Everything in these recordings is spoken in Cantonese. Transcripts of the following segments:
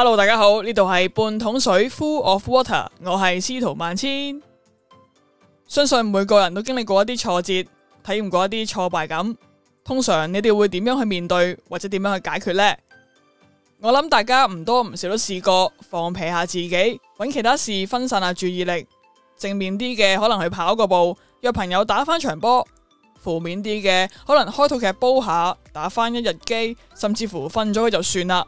Hello，大家好，呢度係半桶水 （Full of Water），我係司徒萬千。相信每個人都經歷過一啲挫折，體驗過一啲挫敗感。通常你哋會點樣去面對，或者點樣去解決呢？我諗大家唔多唔少都試過放棄下自己，揾其他事分散下注意力。正面啲嘅可能去跑個步，約朋友打返場波；負面啲嘅可能開套劇煲下，打返一日機，甚至乎瞓咗佢就算啦。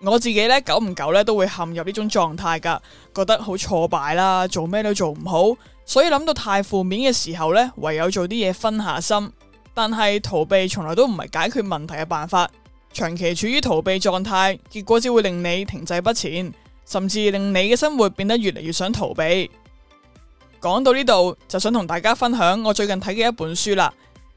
我自己咧久唔久咧都會陷入呢種狀態噶，覺得好挫敗啦，做咩都做唔好，所以諗到太負面嘅時候咧，唯有做啲嘢分下心。但係逃避從來都唔係解決問題嘅辦法，長期處於逃避狀態，結果只會令你停滯不前，甚至令你嘅生活變得越嚟越想逃避。講到呢度，就想同大家分享我最近睇嘅一本書啦。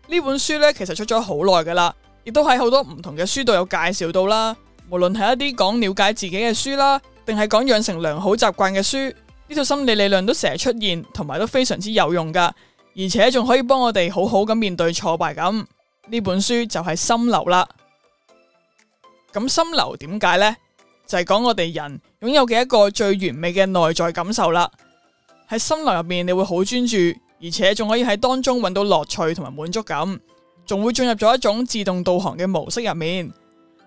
呢本書咧其實出咗好耐噶啦，亦都喺好多唔同嘅書度有介紹到啦。無論係一啲講了解自己嘅書啦，定係講養成良好習慣嘅書，呢套心理理論，都成日出現，同埋都非常之有用噶而且仲可以幫我哋好好咁面對挫敗感。呢本書就係心流啦。咁心流點解呢？就係、是、講我哋人擁有嘅一個最完美嘅內在感受啦。喺心流入面，你會好專注，而且仲可以喺當中揾到樂趣同埋滿足感，仲會進入咗一種自動導航嘅模式入面。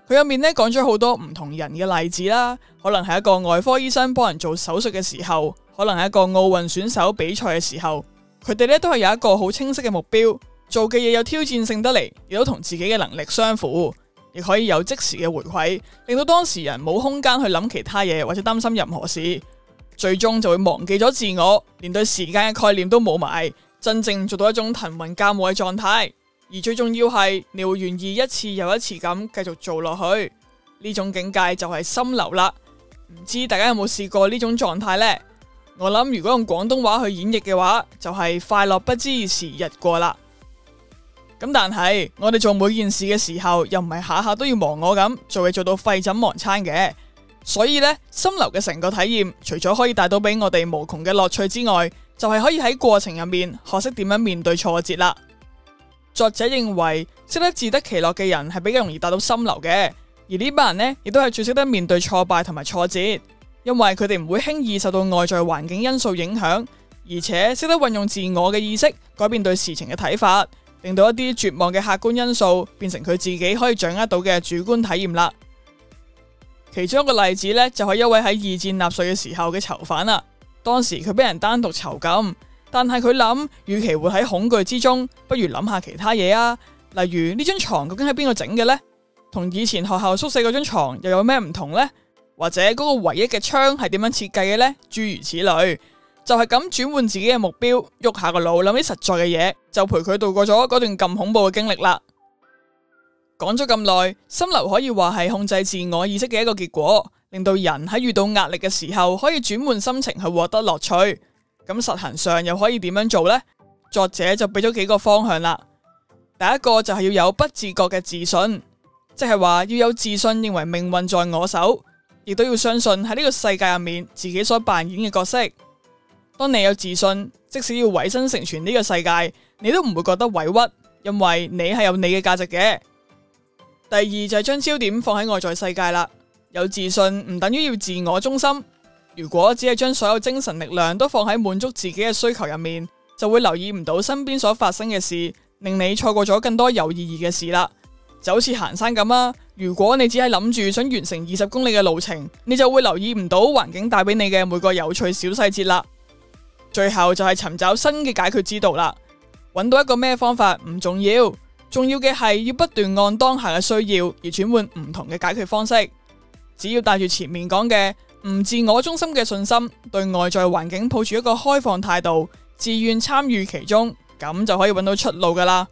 佢入面咧講咗好多唔同人嘅例子啦，可能係一個外科醫生幫人做手術嘅時候，可能係一個奧運選手比賽嘅時候，佢哋咧都係有一個好清晰嘅目標，做嘅嘢有挑戰性得嚟，亦都同自己嘅能力相符，亦可以有即時嘅回饋，令到當事人冇空間去諗其他嘢或者擔心任何事，最終就會忘記咗自我，連對時間嘅概念都冇埋，真正做到一種騰雲駕霧嘅狀態。而最重要係，你會願意一次又一次咁繼續做落去，呢種境界就係心流啦。唔知大家有冇試過呢種狀態呢？我諗如果用廣東話去演繹嘅話，就係快樂不知時日過啦。咁但係我哋做每件事嘅時候，又唔係下下都要忙我咁，做嘢做到廢枕忘餐嘅。所以呢，心流嘅成個體驗，除咗可以帶到俾我哋無窮嘅樂趣之外，就係可以喺過程入面學識點樣面對挫折啦。作者認為，識得自得其樂嘅人係比較容易達到心流嘅，而呢班人呢亦都係最識得面對挫敗同埋挫折，因為佢哋唔會輕易受到外在環境因素影響，而且識得運用自我嘅意識改變對事情嘅睇法，令到一啲絕望嘅客觀因素變成佢自己可以掌握到嘅主觀體驗啦。其中一個例子呢，就係一位喺二戰納粹嘅時候嘅囚犯啦，當時佢俾人單獨囚禁。但係佢諗，與其活喺恐懼之中，不如諗下其他嘢啊！例如呢張床究竟係邊個整嘅呢？同以前學校宿舍嗰張床又有咩唔同呢？或者嗰個唯一嘅窗係點樣設計嘅呢？諸如此類，就係咁轉換自己嘅目標，喐下個腦諗起實在嘅嘢，就陪佢度過咗嗰段咁恐怖嘅經歷啦。講咗咁耐，心流可以話係控制自我意識嘅一個結果，令到人喺遇到壓力嘅時候可以轉換心情去獲得樂趣。咁實行上又可以點樣做呢？作者就俾咗幾個方向啦。第一個就係要有不自覺嘅自信，即係話要有自信認為命運在我手，亦都要相信喺呢個世界入面自己所扮演嘅角色。當你有自信，即使要委身成全呢個世界，你都唔會覺得委屈，因為你係有你嘅價值嘅。第二就係將焦點放喺外在世界啦。有自信唔等於要自我中心。如果只係將所有精神力量都放喺滿足自己嘅需求入面，就會留意唔到身邊所發生嘅事，令你錯過咗更多有意義嘅事啦。就好似行山咁啊，如果你只係諗住想完成二十公里嘅路程，你就會留意唔到環境帶俾你嘅每個有趣小細節啦。最後就係尋找新嘅解決之道啦，揾到一個咩方法唔重要，重要嘅係要不斷按當下嘅需要而轉換唔同嘅解決方式。只要帶住前面講嘅。唔自我中心嘅信心，對外在環境抱住一個開放態度，自願參與其中，咁就可以揾到出路噶啦。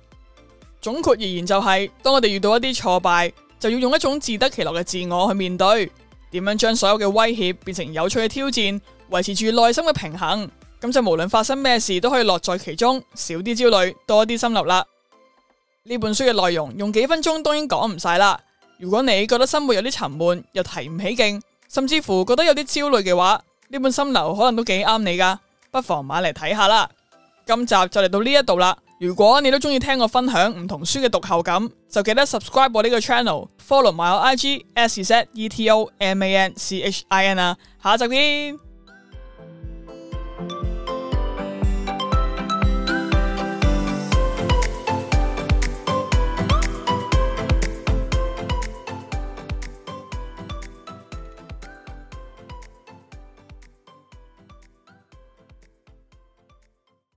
總括而言，就是，就係當我哋遇到一啲挫敗，就要用一種自得其樂嘅自我去面對，點樣將所有嘅威脅變成有趣嘅挑戰，維持住內心嘅平衡，咁就無論發生咩事都可以樂在其中，少啲焦慮，多啲心流啦。呢本書嘅內容用幾分鐘都已經講唔晒啦。如果你覺得生活有啲沉悶，又提唔起勁。甚至乎覺得有啲焦慮嘅話，呢本心流可能都幾啱你㗎，不妨買嚟睇下啦。今集就嚟到呢一度啦。如果你都中意聽我分享唔同書嘅讀後感，就記得 subscribe 我呢個 channel，follow 埋我 IG S Z E T O M A N C H I N 啊。下集見。